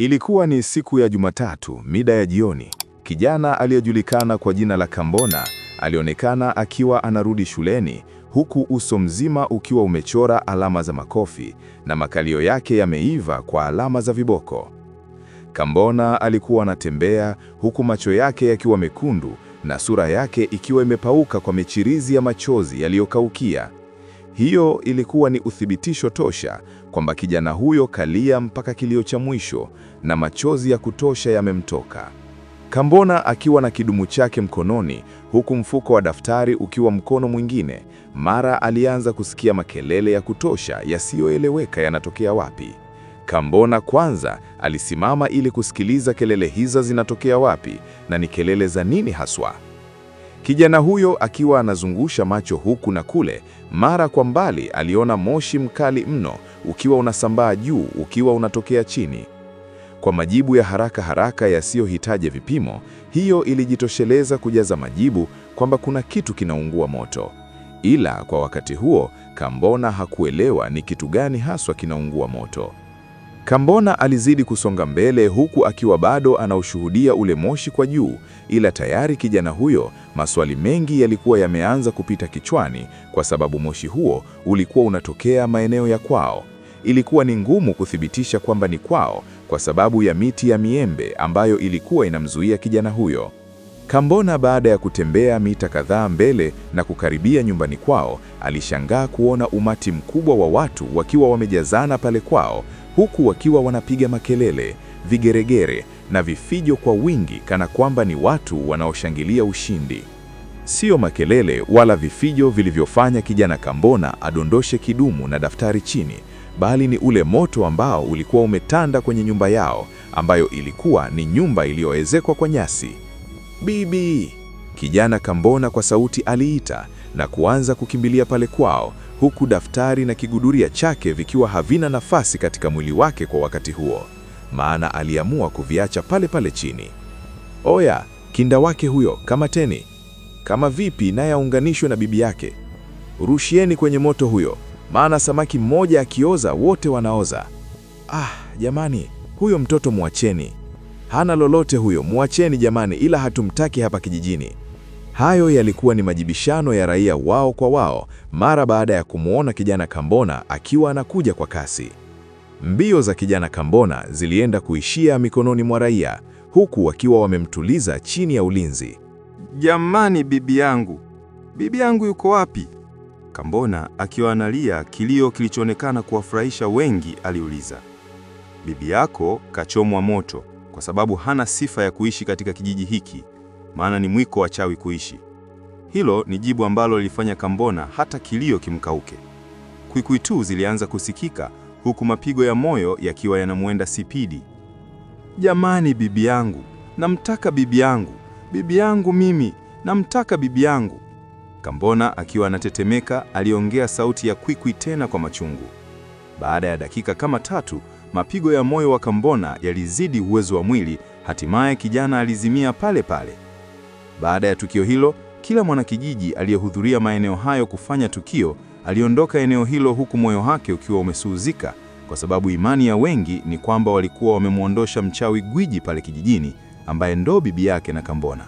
Ilikuwa ni siku ya Jumatatu, mida ya jioni. Kijana aliyejulikana kwa jina la Kambona alionekana akiwa anarudi shuleni huku uso mzima ukiwa umechora alama za makofi na makalio yake yameiva kwa alama za viboko. Kambona alikuwa anatembea huku macho yake yakiwa mekundu na sura yake ikiwa imepauka kwa michirizi ya machozi yaliyokaukia. Hiyo ilikuwa ni uthibitisho tosha kwamba kijana huyo kalia mpaka kilio cha mwisho na machozi ya kutosha yamemtoka. Kambona akiwa na kidumu chake mkononi huku mfuko wa daftari ukiwa mkono mwingine, mara alianza kusikia makelele ya kutosha yasiyoeleweka yanatokea wapi. Kambona kwanza alisimama ili kusikiliza kelele hizo zinatokea wapi na ni kelele za nini haswa. Kijana huyo akiwa anazungusha macho huku na kule, mara kwa mbali aliona moshi mkali mno ukiwa unasambaa juu, ukiwa unatokea chini. Kwa majibu ya haraka haraka yasiyohitaji vipimo, hiyo ilijitosheleza kujaza majibu kwamba kuna kitu kinaungua moto. Ila kwa wakati huo Kambona hakuelewa ni kitu gani haswa kinaungua moto. Kambona alizidi kusonga mbele huku akiwa bado anaushuhudia ule moshi kwa juu, ila tayari kijana huyo maswali mengi yalikuwa yameanza kupita kichwani kwa sababu moshi huo ulikuwa unatokea maeneo ya kwao. Ilikuwa ni ngumu kuthibitisha kwamba ni kwao kwa sababu ya miti ya miembe ambayo ilikuwa inamzuia kijana huyo. Kambona baada ya kutembea mita kadhaa mbele na kukaribia nyumbani kwao, alishangaa kuona umati mkubwa wa watu wakiwa wamejazana pale kwao, huku wakiwa wanapiga makelele, vigeregere na vifijo kwa wingi kana kwamba ni watu wanaoshangilia ushindi. Sio makelele wala vifijo vilivyofanya kijana Kambona adondoshe kidumu na daftari chini, bali ni ule moto ambao ulikuwa umetanda kwenye nyumba yao ambayo ilikuwa ni nyumba iliyoezekwa kwa nyasi. Bibi! Kijana Kambona kwa sauti aliita na kuanza kukimbilia pale kwao, huku daftari na kiguduria chake vikiwa havina nafasi katika mwili wake kwa wakati huo, maana aliamua kuviacha pale pale chini. Oya, kinda wake huyo, kamateni! Kama vipi naye aunganishwe na bibi yake. Rushieni kwenye moto huyo, maana samaki mmoja akioza wote wanaoza. Ah, jamani, huyo mtoto mwacheni hana lolote huyo, muacheni jamani, ila hatumtaki hapa kijijini. Hayo yalikuwa ni majibishano ya raia wao kwa wao mara baada ya kumwona kijana Kambona akiwa anakuja kwa kasi. Mbio za kijana Kambona zilienda kuishia mikononi mwa raia, huku wakiwa wamemtuliza chini ya ulinzi. Jamani, bibi yangu, bibi yangu yuko wapi? Kambona akiwa analia kilio kilichoonekana kuwafurahisha wengi, aliuliza. Bibi yako kachomwa moto, kwa sababu hana sifa ya kuishi katika kijiji hiki, maana ni mwiko wa chawi kuishi. Hilo ni jibu ambalo lilifanya Kambona hata kilio kimkauke. tu zilianza kusikika huku mapigo ya moyo yakiwa yanamwenda Sipidi. Jamani, bibi yangu, namtaka bibi yangu, bibi yangu mimi, namtaka bibi yangu. Kambona akiwa anatetemeka aliongea, sauti ya kwikwi tena kwa machungu. Baada ya dakika kama tatu mapigo ya moyo wa Kambona yalizidi uwezo wa mwili, hatimaye kijana alizimia pale pale. Baada ya tukio hilo, kila mwanakijiji aliyehudhuria maeneo hayo kufanya tukio aliondoka eneo hilo huku moyo wake ukiwa umesuhuzika, kwa sababu imani ya wengi ni kwamba walikuwa wamemwondosha mchawi gwiji pale kijijini, ambaye ndo bibi yake na Kambona.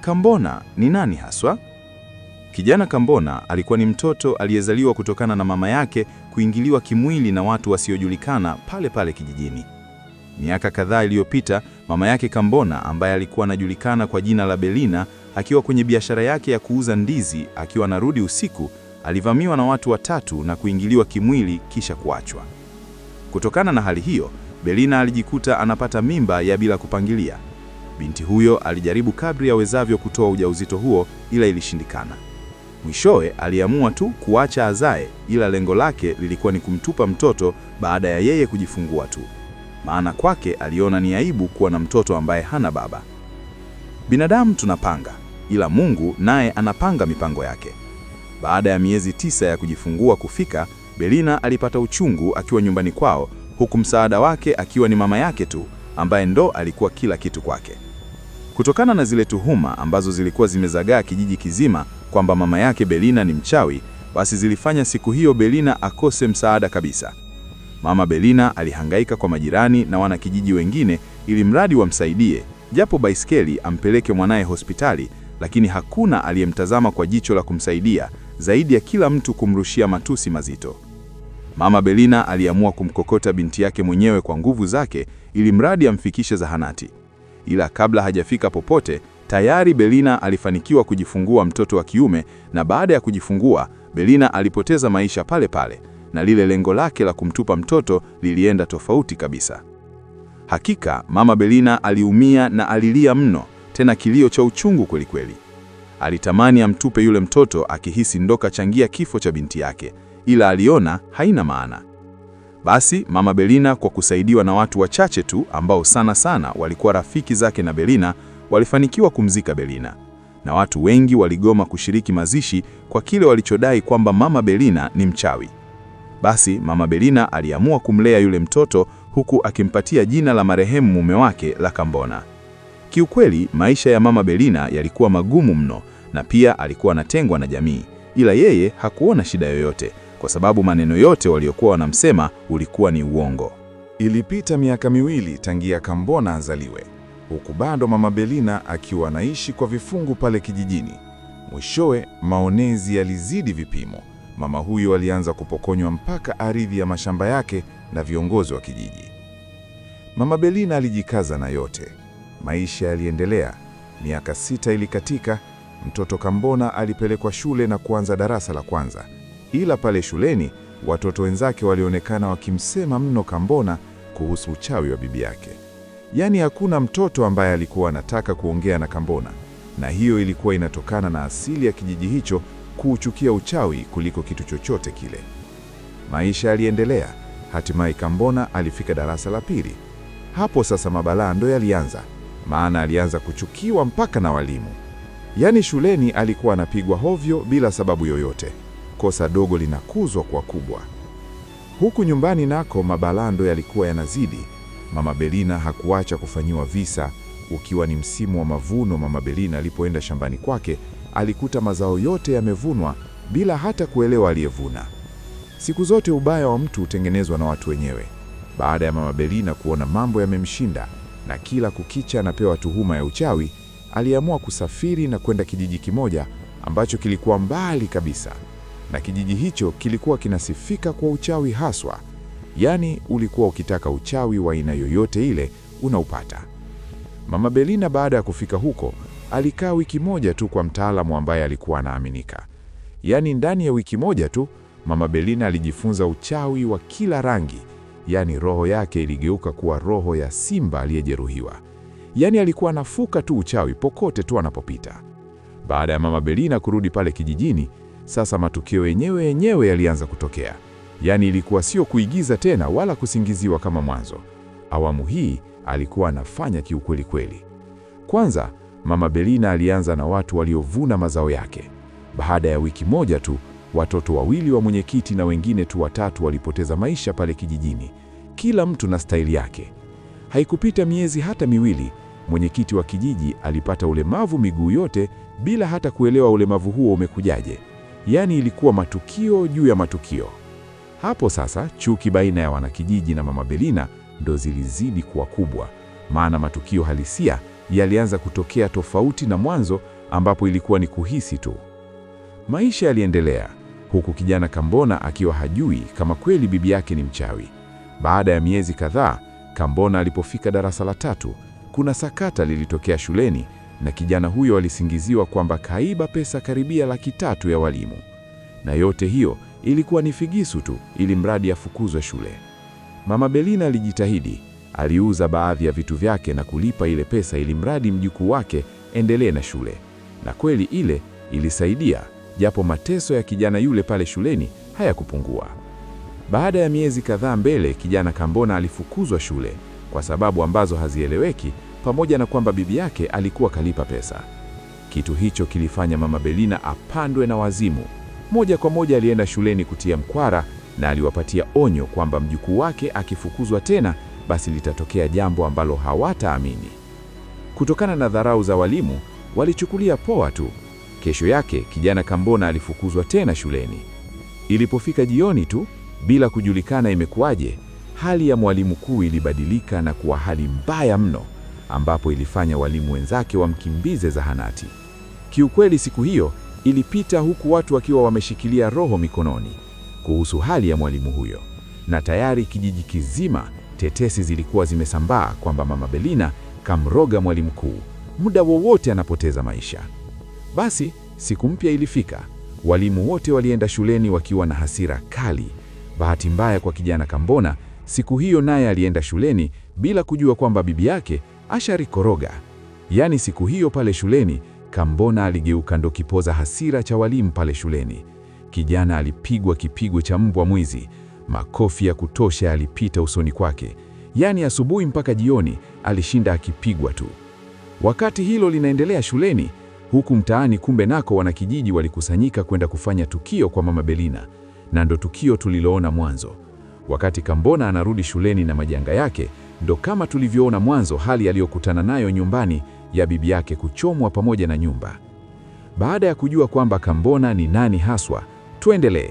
Kambona ni nani haswa? Kijana Kambona alikuwa ni mtoto aliyezaliwa kutokana na mama yake kuingiliwa kimwili na watu wasiojulikana pale pale kijijini. Miaka kadhaa iliyopita, mama yake Kambona ambaye alikuwa anajulikana kwa jina la Belina, akiwa kwenye biashara yake ya kuuza ndizi, akiwa anarudi usiku, alivamiwa na watu watatu na kuingiliwa kimwili kisha kuachwa. Kutokana na hali hiyo, Belina alijikuta anapata mimba ya bila kupangilia. Binti huyo alijaribu kadri awezavyo kutoa ujauzito huo ila ilishindikana. Mwishowe aliamua tu kuacha azae, ila lengo lake lilikuwa ni kumtupa mtoto baada ya yeye kujifungua tu, maana kwake aliona ni aibu kuwa na mtoto ambaye hana baba. Binadamu tunapanga, ila Mungu naye anapanga mipango yake. Baada ya miezi tisa ya kujifungua kufika, Belina alipata uchungu akiwa nyumbani kwao, huku msaada wake akiwa ni mama yake tu ambaye ndo alikuwa kila kitu kwake. Kutokana na zile tuhuma ambazo zilikuwa zimezagaa kijiji kizima kwamba mama yake Belina ni mchawi, basi zilifanya siku hiyo Belina akose msaada kabisa. Mama Belina alihangaika kwa majirani na wanakijiji wengine ili mradi wamsaidie, japo baiskeli ampeleke mwanaye hospitali, lakini hakuna aliyemtazama kwa jicho la kumsaidia zaidi ya kila mtu kumrushia matusi mazito. Mama Belina aliamua kumkokota binti yake mwenyewe kwa nguvu zake ili mradi amfikishe zahanati. Ila kabla hajafika popote, Tayari Belina alifanikiwa kujifungua mtoto wa kiume, na baada ya kujifungua, Belina alipoteza maisha pale pale, na lile lengo lake la kumtupa mtoto lilienda tofauti kabisa. Hakika mama Belina aliumia na alilia mno, tena kilio cha uchungu kwelikweli. Alitamani amtupe yule mtoto akihisi ndo kachangia kifo cha binti yake, ila aliona haina maana. Basi mama Belina kwa kusaidiwa na watu wachache tu ambao sana sana walikuwa rafiki zake na Belina walifanikiwa kumzika Belina, na watu wengi waligoma kushiriki mazishi kwa kile walichodai kwamba mama Belina ni mchawi. Basi mama Belina aliamua kumlea yule mtoto huku akimpatia jina la marehemu mume wake la Kambona. Kiukweli, maisha ya mama Belina yalikuwa magumu mno, na pia alikuwa anatengwa na jamii, ila yeye hakuona shida yoyote kwa sababu maneno yote waliokuwa wanamsema ulikuwa ni uongo. Ilipita miaka miwili tangia Kambona azaliwe huku bado Mama Belina akiwa anaishi kwa vifungu pale kijijini. Mwishowe maonezi yalizidi vipimo. Mama huyo alianza kupokonywa mpaka ardhi ya mashamba yake na viongozi wa kijiji. Mama Belina alijikaza na yote. Maisha yaliendelea. Miaka sita ilikatika, mtoto Kambona alipelekwa shule na kuanza darasa la kwanza. Ila pale shuleni watoto wenzake walionekana wakimsema mno Kambona kuhusu uchawi wa bibi yake. Yaani hakuna mtoto ambaye alikuwa anataka kuongea na Kambona, na hiyo ilikuwa inatokana na asili ya kijiji hicho kuuchukia uchawi kuliko kitu chochote kile. Maisha yaliendelea. Hatimaye Kambona alifika darasa la pili. Hapo sasa mabalaa ndo yalianza, maana alianza kuchukiwa mpaka na walimu. Yaani shuleni alikuwa anapigwa hovyo bila sababu yoyote, kosa dogo linakuzwa kwa kubwa. Huku nyumbani nako mabalaa ndo yalikuwa yanazidi. Mama Belina hakuacha kufanyiwa visa. Ukiwa ni msimu wa mavuno, Mama Belina alipoenda shambani kwake alikuta mazao yote yamevunwa bila hata kuelewa aliyevuna. Siku zote ubaya wa mtu hutengenezwa na watu wenyewe. Baada ya Mama Belina kuona mambo yamemshinda na kila kukicha anapewa tuhuma ya uchawi, aliamua kusafiri na kwenda kijiji kimoja ambacho kilikuwa mbali kabisa, na kijiji hicho kilikuwa kinasifika kwa uchawi haswa. Yaani ulikuwa ukitaka uchawi wa aina yoyote ile unaupata. Mama Belina baada ya kufika huko alikaa wiki moja tu kwa mtaalamu ambaye alikuwa anaaminika. Yaani ndani ya wiki moja tu Mama Belina alijifunza uchawi wa kila rangi. Yaani roho yake iligeuka kuwa roho ya simba aliyejeruhiwa. Yaani alikuwa anafuka tu uchawi popote tu anapopita. Baada ya Mama Belina kurudi pale kijijini, sasa matukio yenyewe yenyewe yalianza kutokea. Yaani ilikuwa sio kuigiza tena wala kusingiziwa kama mwanzo. Awamu hii alikuwa anafanya kiukweli kweli. Kwanza, Mama Belina alianza na watu waliovuna mazao yake. Baada ya wiki moja tu, watoto wawili wa mwenyekiti na wengine tu watatu walipoteza maisha pale kijijini, kila mtu na staili yake. Haikupita miezi hata miwili, mwenyekiti wa kijiji alipata ulemavu miguu yote bila hata kuelewa ulemavu huo umekujaje. Yaani ilikuwa matukio juu ya matukio. Hapo sasa chuki baina ya wanakijiji na Mama Belina ndo zilizidi kuwa kubwa, maana matukio halisia yalianza kutokea tofauti na mwanzo ambapo ilikuwa ni kuhisi tu. Maisha yaliendelea huku kijana Kambona akiwa hajui kama kweli bibi yake ni mchawi. Baada ya miezi kadhaa, Kambona alipofika darasa la tatu, kuna sakata lilitokea shuleni na kijana huyo alisingiziwa kwamba kaiba pesa karibia laki tatu ya walimu, na yote hiyo Ilikuwa ni figisu tu, ili mradi afukuzwe shule. Mama Belina alijitahidi, aliuza baadhi ya vitu vyake na kulipa ile pesa ili mradi mjukuu wake endelee na shule. Na kweli ile ilisaidia, japo mateso ya kijana yule pale shuleni hayakupungua. Baada ya miezi kadhaa mbele, kijana Kambona alifukuzwa shule kwa sababu ambazo hazieleweki, pamoja na kwamba bibi yake alikuwa kalipa pesa. Kitu hicho kilifanya Mama Belina apandwe na wazimu. Moja kwa moja alienda shuleni kutia mkwara na aliwapatia onyo kwamba mjukuu wake akifukuzwa tena, basi litatokea jambo ambalo hawataamini. Kutokana na dharau za walimu, walichukulia poa tu. Kesho yake kijana Kambona alifukuzwa tena shuleni. Ilipofika jioni tu, bila kujulikana imekuwaje, hali ya mwalimu mkuu ilibadilika na kuwa hali mbaya mno, ambapo ilifanya walimu wenzake wamkimbize zahanati. Kiukweli siku hiyo ilipita huku watu wakiwa wameshikilia roho mikononi kuhusu hali ya mwalimu huyo, na tayari kijiji kizima tetesi zilikuwa zimesambaa kwamba Mama Belina kamroga mwalimu mkuu, muda wowote anapoteza maisha. Basi siku mpya ilifika. Walimu wote walienda shuleni wakiwa na hasira kali. Bahati mbaya kwa kijana Kambona, siku hiyo naye alienda shuleni bila kujua kwamba bibi yake asharikoroga. Yaani siku hiyo pale shuleni Kambona aligeuka ndo kipoza hasira cha walimu pale shuleni. Kijana alipigwa kipigo cha mbwa mwizi, makofi ya kutosha yalipita usoni kwake. Yaani asubuhi mpaka jioni alishinda akipigwa tu. Wakati hilo linaendelea shuleni, huku mtaani kumbe nako wanakijiji walikusanyika kwenda kufanya tukio kwa Mama Belina, na ndo tukio tuliloona mwanzo. Wakati Kambona anarudi shuleni na majanga yake, ndo kama tulivyoona mwanzo hali aliyokutana nayo nyumbani ya bibi yake kuchomwa pamoja na nyumba. Baada ya kujua kwamba Kambona ni nani haswa, tuendelee.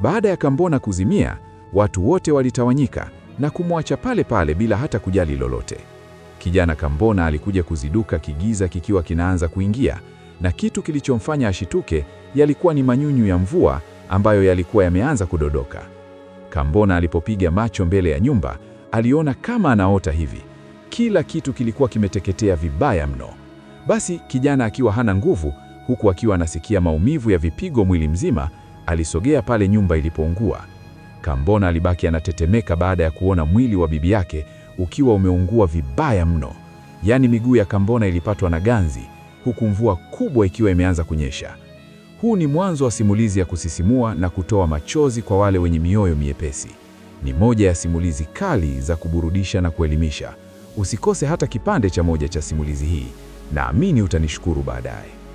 Baada ya Kambona kuzimia, watu wote walitawanyika na kumwacha pale pale bila hata kujali lolote. Kijana Kambona alikuja kuziduka kigiza kikiwa kinaanza kuingia, na kitu kilichomfanya ashituke yalikuwa ni manyunyu ya mvua ambayo yalikuwa yameanza kudodoka. Kambona alipopiga macho mbele ya nyumba, aliona kama anaota hivi. Kila kitu kilikuwa kimeteketea vibaya mno. Basi kijana akiwa hana nguvu, huku akiwa anasikia maumivu ya vipigo mwili mzima, alisogea pale nyumba ilipoungua. Kambona alibaki anatetemeka baada ya kuona mwili wa bibi yake ukiwa umeungua vibaya mno. Yaani miguu ya Kambona ilipatwa na ganzi, huku mvua kubwa ikiwa imeanza kunyesha. Huu ni mwanzo wa simulizi ya kusisimua na kutoa machozi kwa wale wenye mioyo miepesi. Ni moja ya simulizi kali za kuburudisha na kuelimisha. Usikose hata kipande cha moja cha simulizi hii. Naamini utanishukuru baadaye.